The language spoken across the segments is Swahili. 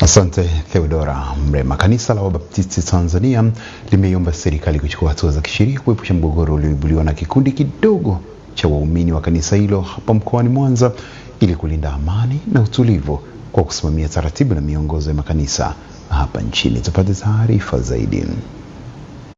Asante Theodora Mrema. Kanisa la Wabaptisti Tanzania limeiomba serikali kuchukua hatua za kisheria kuepusha mgogoro ulioibuliwa na kikundi kidogo cha waumini wa kanisa hilo hapa mkoani Mwanza ili kulinda amani na utulivu kwa kusimamia taratibu na miongozo ya makanisa hapa nchini. Tupate taarifa zaidi.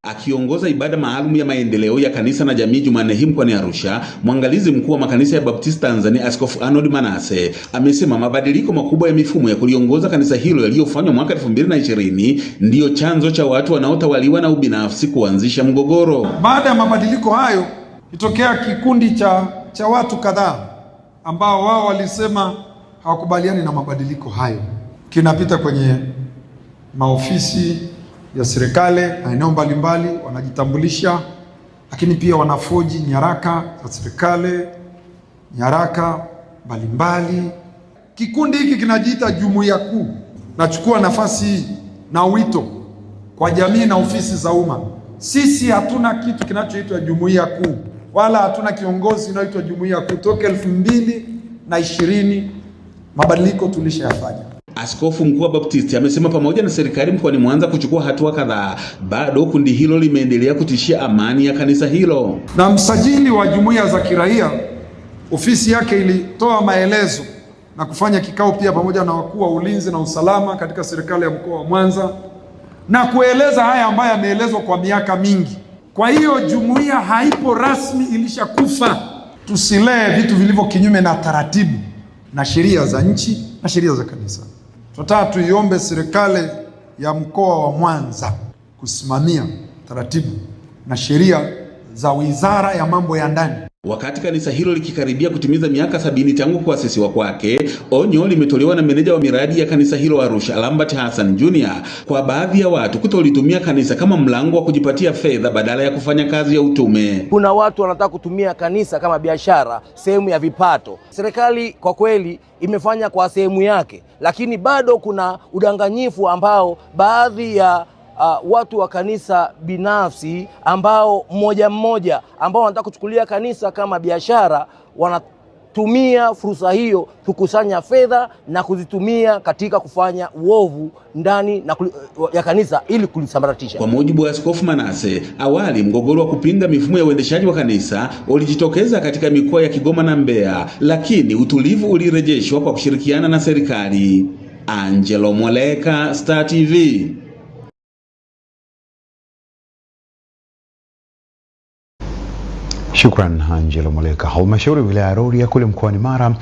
Akiongoza ibada maalum ya maendeleo ya kanisa na jamii Jumanne hii mkoani Arusha, mwangalizi mkuu wa makanisa ya Baptist Tanzania Askofu Arnold Manase amesema mabadiliko makubwa ya mifumo ya kuliongoza kanisa hilo yaliyofanywa mwaka 2020 ndiyo chanzo cha watu wanaotawaliwa na ubinafsi kuanzisha mgogoro. Baada ya mabadiliko hayo, kitokea kikundi cha, cha watu kadhaa ambao wao walisema hawakubaliani na mabadiliko hayo, kinapita kwenye maofisi ya serikali maeneo mbalimbali wanajitambulisha, lakini pia wanafoji nyaraka za serikali, nyaraka mbalimbali. Kikundi hiki kinajiita Jumuiya Kuu. Nachukua nafasi hii na wito kwa jamii na ofisi za umma, sisi hatuna kitu kinachoitwa Jumuiya Kuu wala hatuna kiongozi unaoitwa Jumuiya Kuu. Toka elfu mbili na ishirini mabadiliko tulishayafanya. Askofu Mkuu wa Baptisti amesema pamoja na serikali mkoani Mwanza kuchukua hatua kadhaa, bado kundi hilo limeendelea kutishia amani ya kanisa hilo. Na msajili wa jumuiya za kiraia ofisi yake ilitoa maelezo na kufanya kikao pia pamoja na wakuu wa ulinzi na usalama katika serikali ya mkoa wa Mwanza na kueleza haya ambayo yameelezwa kwa miaka mingi. Kwa hiyo jumuiya haipo rasmi, ilishakufa. Tusilee vitu vilivyo kinyume na taratibu na sheria za nchi na sheria za kanisa. Tunataka tuiombe serikali ya mkoa wa Mwanza kusimamia taratibu na sheria za Wizara ya Mambo ya Ndani Wakati kanisa hilo likikaribia kutimiza miaka sabini tangu kuasisiwa kwake, onyo limetolewa na meneja wa miradi ya kanisa hilo Arusha, Lambert Hassan Junior, kwa baadhi ya watu kutolitumia kanisa kama mlango wa kujipatia fedha badala ya kufanya kazi ya utume. Kuna watu wanataka kutumia kanisa kama biashara, sehemu ya vipato. Serikali kwa kweli imefanya kwa sehemu yake, lakini bado kuna udanganyifu ambao baadhi ya uh, watu wa kanisa binafsi ambao mmoja mmoja ambao wanataka kuchukulia kanisa kama biashara wana tumia fursa hiyo kukusanya fedha na kuzitumia katika kufanya uovu ndani na kuli, uh, ya kanisa ili kulisambaratisha. Kwa mujibu wa Askofu Manase, awali mgogoro wa kupinga mifumo ya uendeshaji wa kanisa ulijitokeza katika mikoa ya Kigoma na Mbeya, lakini utulivu ulirejeshwa kwa kushirikiana na serikali. Angelo moleka Star TV. شكرا هانجيلا مليكة حول مشاور ولاية روريا كل مكوان مارا